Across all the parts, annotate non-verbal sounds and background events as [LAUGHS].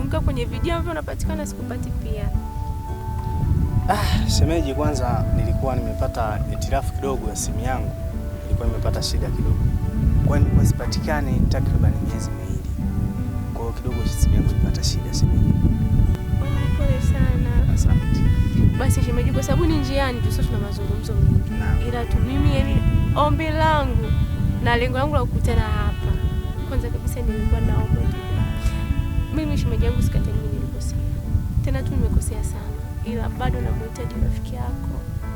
kuzunguka kwenye video ambavyo unapatikana sikupati pia. Ah, shemeji, kwanza nilikuwa nimepata itirafu kidogo ya simu yangu, nilikuwa nimepata shida kidogo, kwa hiyo nilikuwa sipatikani takriban miezi miwili, kwa hiyo kidogo simu yangu ilipata shida. Shemeji, pole sana. Asante. Basi shemeji, kwa sababu ni njiani tu, sio tuna mazungumzo mengi, ila tu mimi yani ombi langu na lengo langu la kukutana hapa, kwanza kabisa nilikuwa naomba mimi shemeji yangu, sikatai nilikosea, tena tu nimekosea sana, ila bado namhitaji rafiki yako,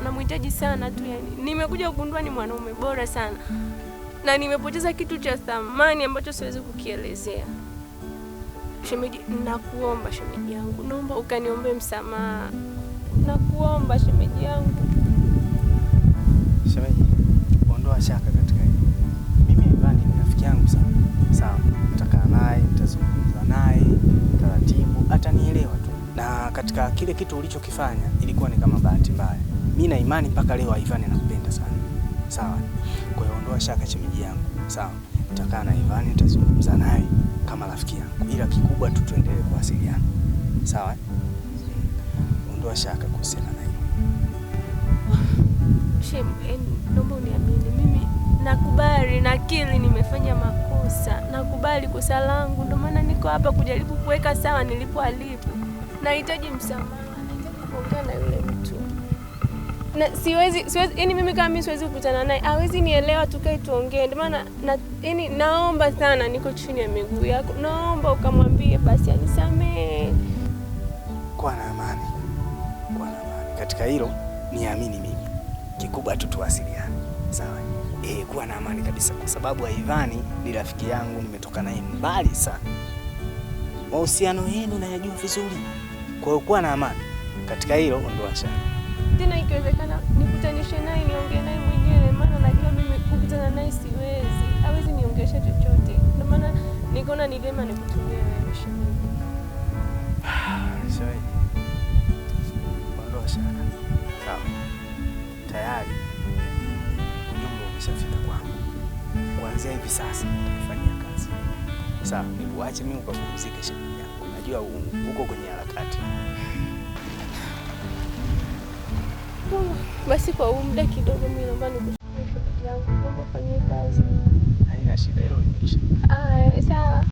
namhitaji sana tu. Yani nimekuja kugundua ni mwanaume bora sana, na nimepoteza kitu cha thamani ambacho siwezi kukielezea. Shemeji, nakuomba shemeji yangu, naomba ukaniombe msamaha, nakuomba shemeji yangu. Shemeji, ondoa shaka katika hiyo. Mimi ni rafiki yangu sana, sawa? Nitakaa naye, nitazungumza naye taratibu, atanielewa tu. Na katika kile kitu ulichokifanya ilikuwa ni kama bahati mbaya. Mimi na imani mpaka leo Ivan anakupenda sana, sawa? Kwa hiyo ondoa shaka chemeji yangu, sawa? Nitakaa na Ivan nitazungumza naye kama rafiki yangu, ila kikubwa tu tuendelee kuwasiliana, sawa? Ondoa shaka kuhusiana na hiyo. Shem, naomba uniamini mimi kosa, nakubali kosa langu, ndio maana niko hapa kujaribu kuweka sawa nilipo alipo. Nahitaji msamaha, nahitaji kuongea na yule mtu na siwezi, siwezi yani mimi kama mimi siwezi kukutana naye, hawezi nielewa, tukae tuongee. Ndio maana na, yani naomba sana, niko chini ya miguu yako, naomba ukamwambie basi anisamehe. Kuwa na amani, kuwa na amani katika hilo niamini mimi, kikubwa tu tuwasiliane, sawa? eh, kuwa na amani kabisa, kwa sababu Aivani ni rafiki yangu, nimetoka naye mbali sana. Mahusiano yenu nayajua vizuri, kwa hiyo kuwa na amani katika hilo. Ondoasha tena, ikiwezekana nikutanishe naye niongee naye mwenyewe, maana najua mimi kukutana naye siwezi, hawezi niongesha chochote, ndio maana nikaona ni vyema nikutumie wewe shauri. [SIGHS] Ondoasha tayari umeshafika kwangu. Kuanzia hivi sasa nitafanyia kazi. Sasa niuache mimi ukapumzike shabiki yangu. Najua uko kwenye harakati. [SIGHS] Basi kwa muda kidogo mimi naomba nikushukuru shabiki yangu. Naomba fanyie kazi. Haina shida hilo imeisha. Ah, sawa.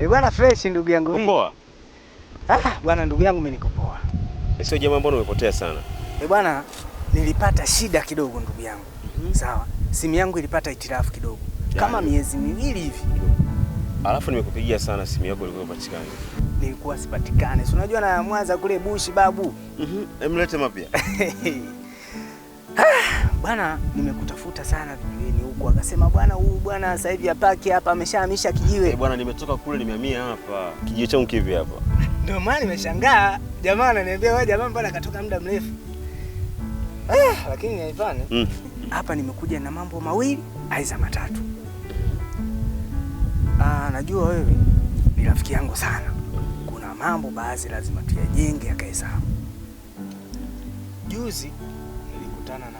Eh, bwana fresh ndugu yangu Poa. Ah, bwana ndugu yangu mimi niko poa. Eh, sio jambo ambalo umepotea sana. Eh, bwana nilipata shida kidogo ndugu yangu. Mm -hmm. Sawa. Simu yangu ilipata itirafu kidogo. Yani, kama miezi miwili hivi. Alafu nimekupigia sana simu yako ilikuwa ipatikane. Nilikuwa sipatikane. Si unajua na Mwanza kule bushi babu. Mhm. Mm Emlete [LAUGHS] Ah, Bwana nimekutafuta sana vijueni huku, akasema bwana, huyu bwana sasa hivi apaki hapa, ameshahamisha kijiwe. Eh, bwana, nimetoka kule, nimehamia hapa, kijiwe changu kivi hapa. [LAUGHS] Ndio maana nimeshangaa, jamaa ananiambia wewe, jamaa mbona katoka muda mrefu eh, lakini haipana mm. Hapa nimekuja na mambo mawili aiza matatu. Aa, ah, najua wewe ni rafiki yangu sana, kuna mambo baadhi lazima tuyajenge yakae sawa. Juzi nilikutana na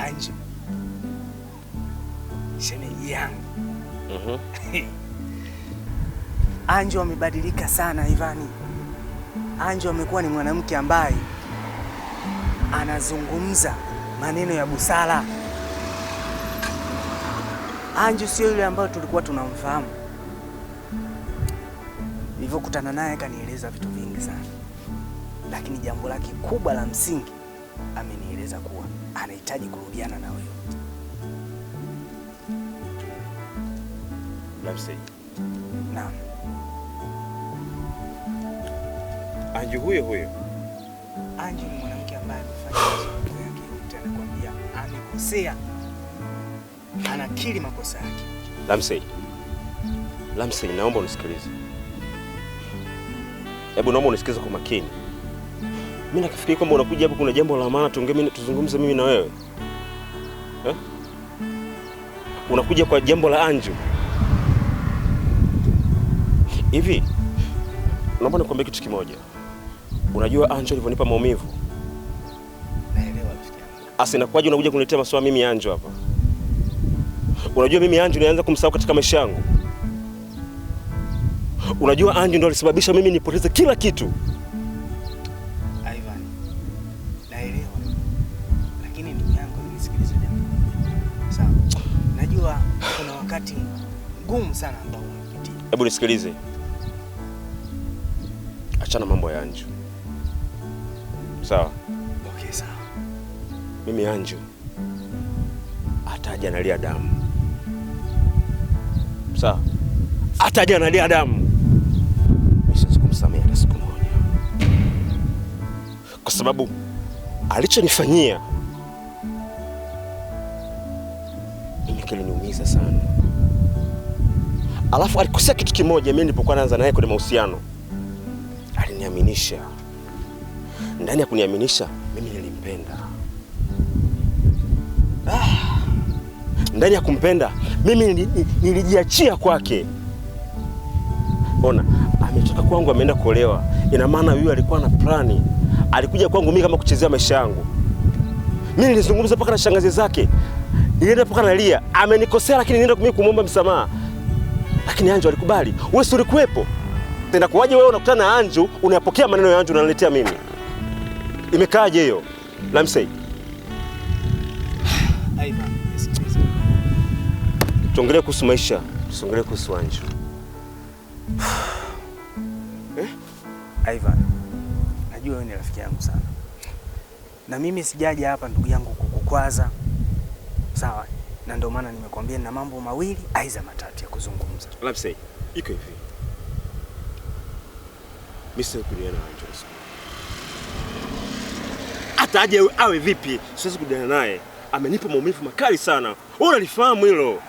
Anju shemeji yangu mm -hmm. [LAUGHS] Anju amebadilika sana Ivani. Anju amekuwa ni mwanamke ambaye anazungumza maneno ya busara. Anju sio yule ambayo tulikuwa tunamfahamu. Nilivyokutana naye kanieleza vitu vingi sana, lakini jambo lake kubwa la msingi amenieleza kuwa anahitaji kurudiana na wewe. Naam. Anju huyo huyo. Anju ni mwanamke ambaye amefanya mambo yake yote, anakuambia amekosea, anakiri makosa yake. Lamsey, Lamsey, naomba unisikilize. Hebu naomba unisikilize kwa makini. Mimi nakafikiri kwamba unakuja hapo kuna jambo la maana tuongee, tuzungumze mimi na wewe eh? Unakuja kwa jambo la Anju hivi. Naomba nikwambie kitu kimoja. Unajua Anju alivyonipa maumivu, asi nakuaje? Unakuja kuniletea maswala mimi Anju hapa. Unajua mimi Anju nianza kumsahau katika maisha yangu. Unajua Anju ndo alisababisha mimi nipoteze kila kitu. hebu nisikilize, achana mambo ya Anju sawa? Okay, sawa. Mimi Anju ataja analia damu sawa, ataja analia damu, sikumsamehe hata siku moja, kwa sababu alichonifanyia imekiliniumiza sana Alafu alikosea kitu kimoja, mimi nilipokuwa naanza naye kwenye mahusiano aliniaminisha. Ndani ya kuniaminisha mimi nilimpenda. Ah, ndani ya kumpenda mimi nilijiachia kwake. Ona, ametoka kwangu ameenda kuolewa, ina maana huyu alikuwa na plani. Alikuja kwangu mimi kama kuchezea maisha yangu. Mimi nilizungumza mpaka na shangazi zake, nilienda mpaka na Lia, amenikosea lakini nilienda mimi kumwomba msamaha lakini Anju alikubali. Wewe si ulikuwepo? Tena wewe unakutana na Anju unayapokea maneno ya Anju unaniletea mimi? Imekaaje hiyo? Lamsey. [SIGHS] Aiba, tuongelee kuhusu maisha, tusiongelee kuhusu Anju. [SIGHS] Eh? Aivan, najua wewe ni rafiki yangu sana, na mimi sijaja hapa ndugu yangu kukukwaza, sawa? na ndio maana nimekwambia na mambo mawili aidha matatu ya kuzungumza. Labda iko hivi. Mr. Kuliana Angelos. Hata aje awe vipi, siwezi kudiana naye. Amenipa maumivu makali sana. Wewe unalifahamu hilo.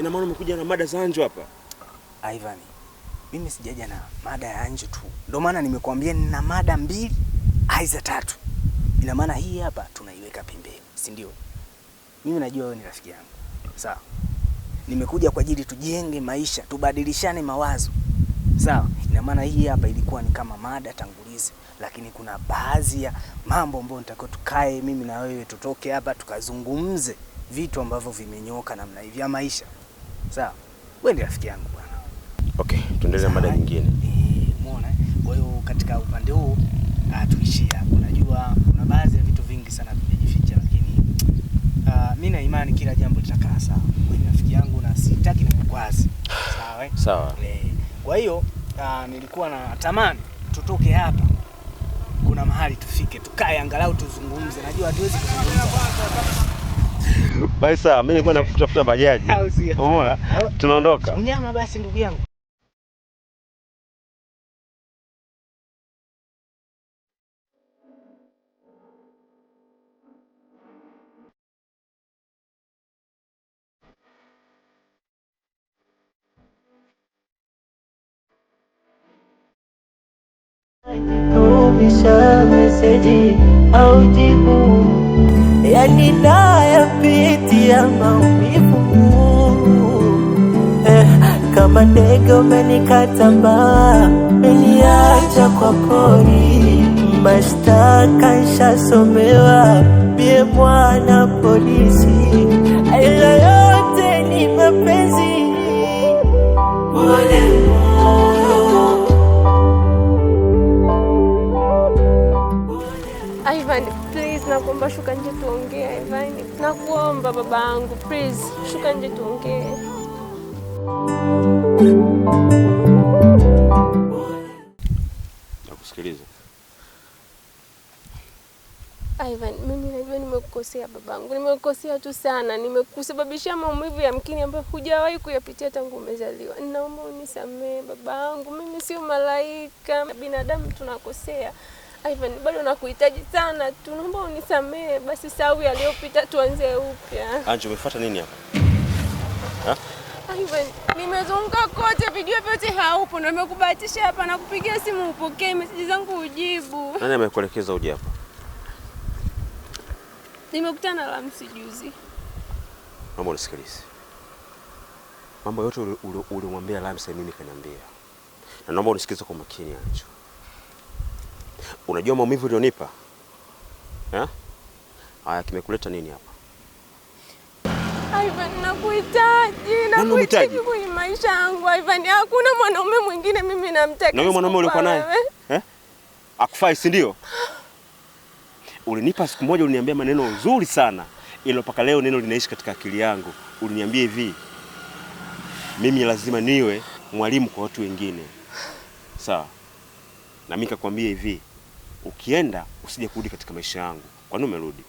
Ina maana umekuja na mada za Anjo hapa? Ah, Ivan, mimi sijaja na mada ya Anjo tu. Ndio maana nimekwambia nina mada mbili aidha tatu. Ina maana hii hapa tunaiweka pembeni, si ndio? Mimi najua wewe ni rafiki yangu, sawa? Nimekuja kwa ajili tujenge maisha, tubadilishane mawazo, sawa? Ina maana hii hapa ilikuwa ni kama mada tangulizi, lakini kuna baadhi ya mambo ambayo nitakiwa tukae mimi na wewe, tutoke hapa tukazungumze vitu ambavyo vimenyoka namna hivi ya maisha, sawa? Wewe ni rafiki yangu bwana. Okay, tuendelee mada nyingine. Eh, umeona? Kwa hiyo katika upande huu uh, tuishie hapo. Unajua kuna baadhi ya vitu vingi sana vimejificha, lakini uh, mi na imani kila jambo litakaa sawa. Mimi rafiki yangu na sitaki nikukwaze. Sawa eh? Sawa. Eh, kwa hiyo uh, nilikuwa na tamani tutoke hapa, kuna mahali tufike, tukae angalau tuzungumze. Najua hatuwezi kuzungumza basi. Sawa, mimi nilikuwa nakutafuta bajaji. Umeona? Tunaondoka. Mnyama basi ndugu yangu. meseji au jibu yaninayapitia maumivu eh, kama ndege umenikata mbaa, umeniacha kwa pori, mashtaka nshasomewa mie mwana polisi, ila yote ni mapenzi. naomba shuka nje tuongee, Ivani, nakuomba babangu, please shuka nje tuongee. Nakusikiliza ah, Ivan. Mimi najua nimekukosea babangu, nimekukosea tu sana, nimekusababishia maumivu ya mkini ambayo hujawahi kuyapitia tangu umezaliwa. Ninaomba unisamehe babangu, mimi sio malaika, binadamu tunakosea. Ivan, bado nakuhitaji sana, naomba unisamehe basi, sawi aliyopita tuanze upya. Anjo, umefuata nini hapa? Ivan, nimezunguka kote, vijue vyote haupo, na nimekubahatisha hapa na kupigia simu upokee meseji zangu ujibu. Nani amekuelekeza uje hapa? Nimekutana na Lamsi juzi. Mambo nisikilize. Mambo yote uliomwambia Lamsi mimi kaniambia. Na naomba unisikilize kwa makini Anjo. Unajua maumivu ulionipa eh? Haya, kimekuleta nini hapa? Ivan, nakuhitaji, nakuhitaji kwenye maisha yangu Ivan. Hakuna mwanaume mwingine mimi namtaka. Na huyo mwanaume ulikuwa naye eh? Akufai, si ndio? Ulinipa siku moja, uliniambia maneno nzuri sana, ilo mpaka leo neno linaishi katika akili yangu. Uliniambia hivi, mimi lazima niwe mwalimu kwa watu wengine, sawa? Na mimi nikakwambia hivi ukienda usije kurudi katika maisha yangu. Kwa nini umerudi?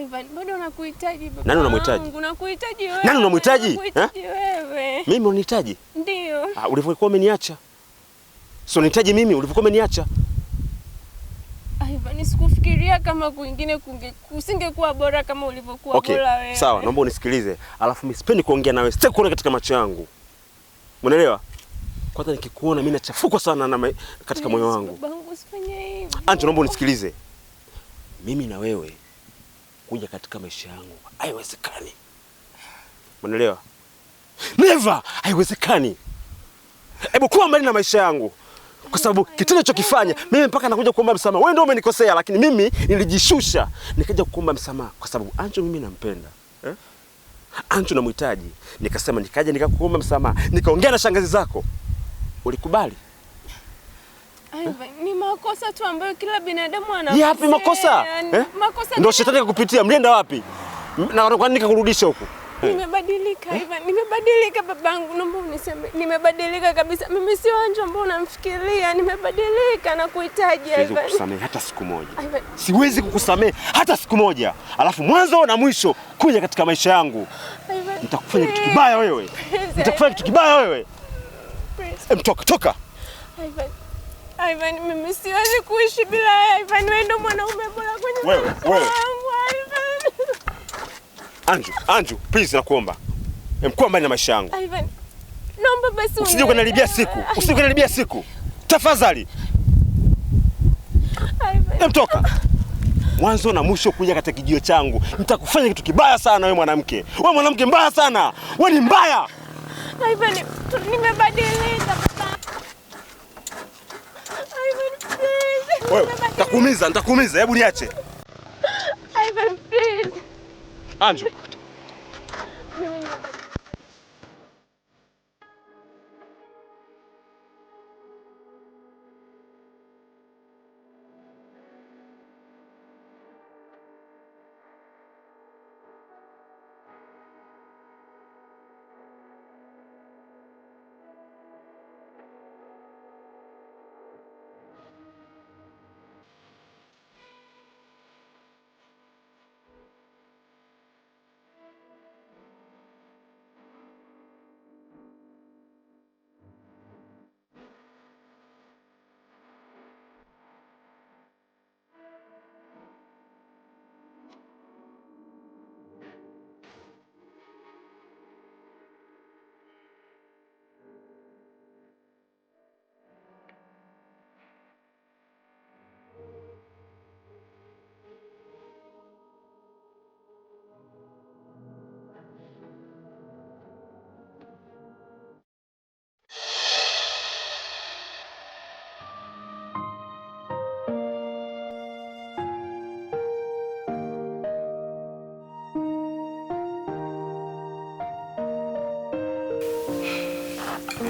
Ivan, bado nakuhitaji baba. Nani unamhitaji? Unakuhitaji wewe. Nani unamhitaji? Eh? Wewe. Mimi unanihitaji? Ndio. Ah, ulivyokuwa umeniacha. Sio unahitaji mimi ulivyokuwa umeniacha. Ivan, sikufikiria kama kwingine kusingekuwa bora kama ulivyokuwa okay, bora wewe. Sawa, naomba unisikilize. Alafu mimi sipendi kuongea nawe. Sitaki kuona katika macho yangu. Umeelewa? Kwanza nikikuona mimi nachafuka sana na katika moyo wangu usifanye hivyo. Ancho, naomba unisikilize. Mimi na wewe kuja katika maisha yangu haiwezekani. Unaelewa? Never, haiwezekani. Hebu kuwa mbali na maisha yangu kwa sababu kitendo chokifanya mimi mpaka nakuja kuomba msamaha. Wewe ndio umenikosea, lakini mimi nilijishusha nikaja kuomba msamaha kwa sababu Ancho mimi nampenda eh? Ancho namhitaji, nikasema nikaja nikakuomba msamaha, nikaongea na shangazi zako, ulikubali eh? makosa tu ambayo kila binadamu anafanya. Yapi makosa? Eh? Makosa ndio shetani kakupitia. Mlienda wapi? Na kwa nini nikakurudisha huko? Eh. Nimebadilika eh? nimebadilika babangu, naomba uniseme. Nimebadilika kabisa. Mimi sio anjo ambao unamfikiria. Nimebadilika na kuhitaji hivi. Siwezi kukusamehe hata siku moja. Ivan. Siwezi kukusamehe hata siku moja. Alafu mwanzo na mwisho kuja katika maisha yangu. Nitakufanya kitu kibaya wewe. Nitakufanya kitu kibaya wewe. Please. Em, toka toka. Ivan. Ivan, mimi siwezi kuishi bila Ivan, wewe mwanaume bora kwenye Anju, Anju, please nakuomba. Mkuu mbali na maisha yangu. Ivan. Naomba basi usije siku. Usije siku. Tafadhali. Ivan. Mtoka. Mwanzo na mwisho kuja katika kijio changu. Nitakufanya kitu kibaya sana wewe mwanamke. Wewe mwanamke mbaya sana. Wewe ni mbaya. Ivan, nimebadilika. Wewe nitakuumiza, nitakuumiza. Hebu niache. Ivan please. Anjo.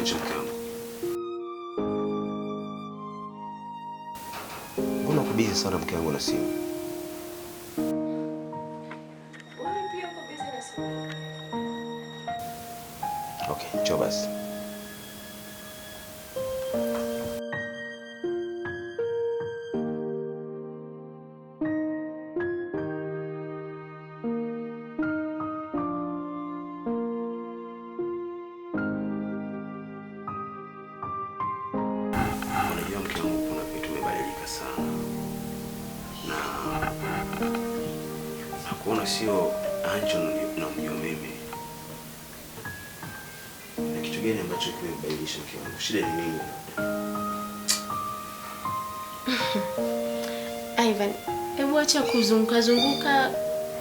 nchi mke wangu. Mbona sana mke wangu na simu? Okay, njoo basi. Ivan, hebu acha kuzunguka zunguka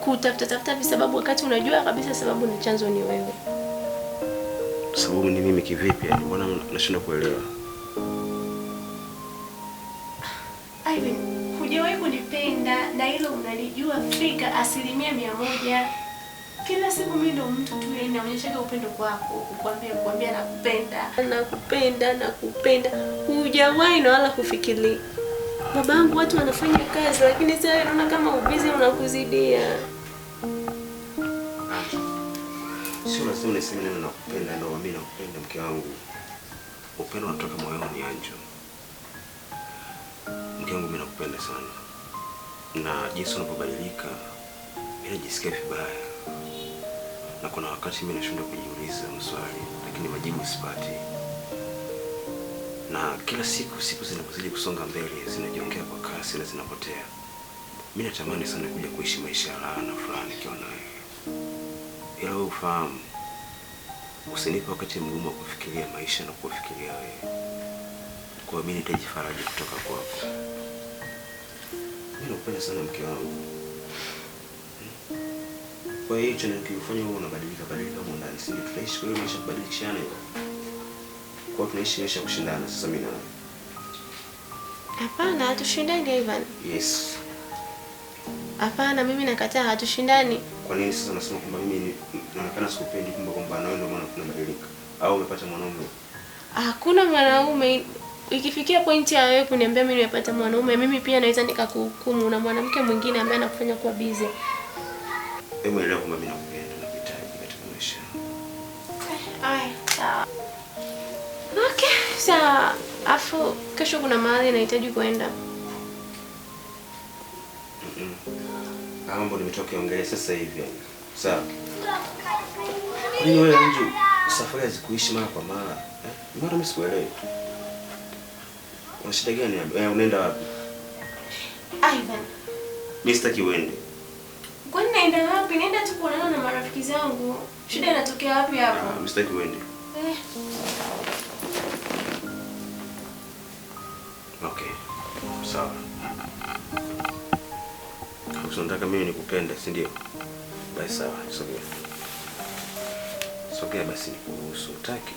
kutafuta tafuta visababu, wakati unajua kabisa sababu na chanzo ni wewe. Sababu ni mimi kivipi? Yani mbona nashindwa kuelewa? Ivan, hujawahi kunipenda na hilo unalijua fika asilimia mia moja. Kila siku mimi ndo mtu tu yeye yaani naonyeshaga upendo kwako, kukwambia kukwambia nakupenda, nakupenda, nakupenda. Hujawahi na wala kufikiri Babangu, watu wanafanya kazi, lakini sasa naona kama ubizi unakuzidia. Sio lazima niseme neno nakupenda, ndio mimi nakupenda mke wangu. Upendo unatoka moyoni, Anjo. Mke wangu, mimi nakupenda sana, na jinsi unapobadilika mimi najisikia vibaya, na kuna wakati mimi nashindwa kujiuliza maswali, lakini majibu sipati na kila siku siku zinazozidi kusonga mbele zinajiongea kwa kasi na zinapotea. Mimi natamani sana kuja kuishi maisha ya raha na furaha nikiwa na wewe, ila wewe ufahamu, usinipe wakati mgumu wa kufikiria maisha na kufikiria wewe. Kwa mimi nitajifaraji kutoka kwako. Mimi nakupenda sana mke wangu. Hmm? Kwa hiyo hicho ndio kinafanya wewe unabadilika badilika huko ndani, sisi tunaishi kwa hiyo maisha kubadilishana hivyo tulikuwa tunaishi maisha kushindana. Sasa mimi na wewe. Hapana, hatushindani Ivan. Yes. Hapana, mimi nakataa, hatushindani. Kwa nini sasa unasema kwamba mimi naonekana sikupendi, kumbe kwamba nawe ndio maana unabadilika? Au umepata mwanaume? Hakuna mwanaume. Ikifikia pointi ya wewe kuniambia mimi nimepata mwanaume, mimi pia naweza nikakuhukumu na mwanamke mwingine ambaye anakufanya kuwa busy. Hebu elewa kwamba mimi nakupenda na kuhitaji katika maisha. Ai, sawa. Okay, sawa. Afu kesho kuna mahali nahitaji kuenda. Ah, mambo nimetoka ongelea sasa hivi. Sawa. Ni wewe Anju, safari hazikuishi mara kwa mara. Eh? Mbona mimi sikuelewi? Una shida gani? Eh, unaenda wapi? Aivan. Mimi sitaki uende. Kwani naenda wapi? Naenda tu kuonana na marafiki zangu. Shida inatokea wapi hapo? Ah, mimi sitaki uende. Eh. sawa. Unataka mimi nikupende, si ndio? Basi sawa, sogea. Sogea basi nikuruhusu. Utaki?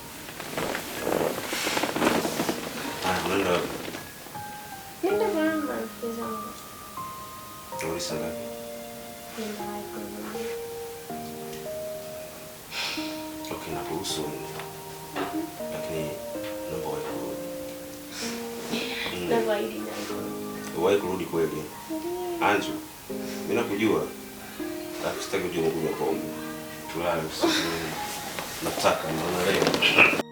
Ah, nakuruhusu. Lakini Uwahi kurudi kweli. Anju, mimi nakujua. Sitaki uje mgumu pombe. Tulale usiku. Nataka naona leo.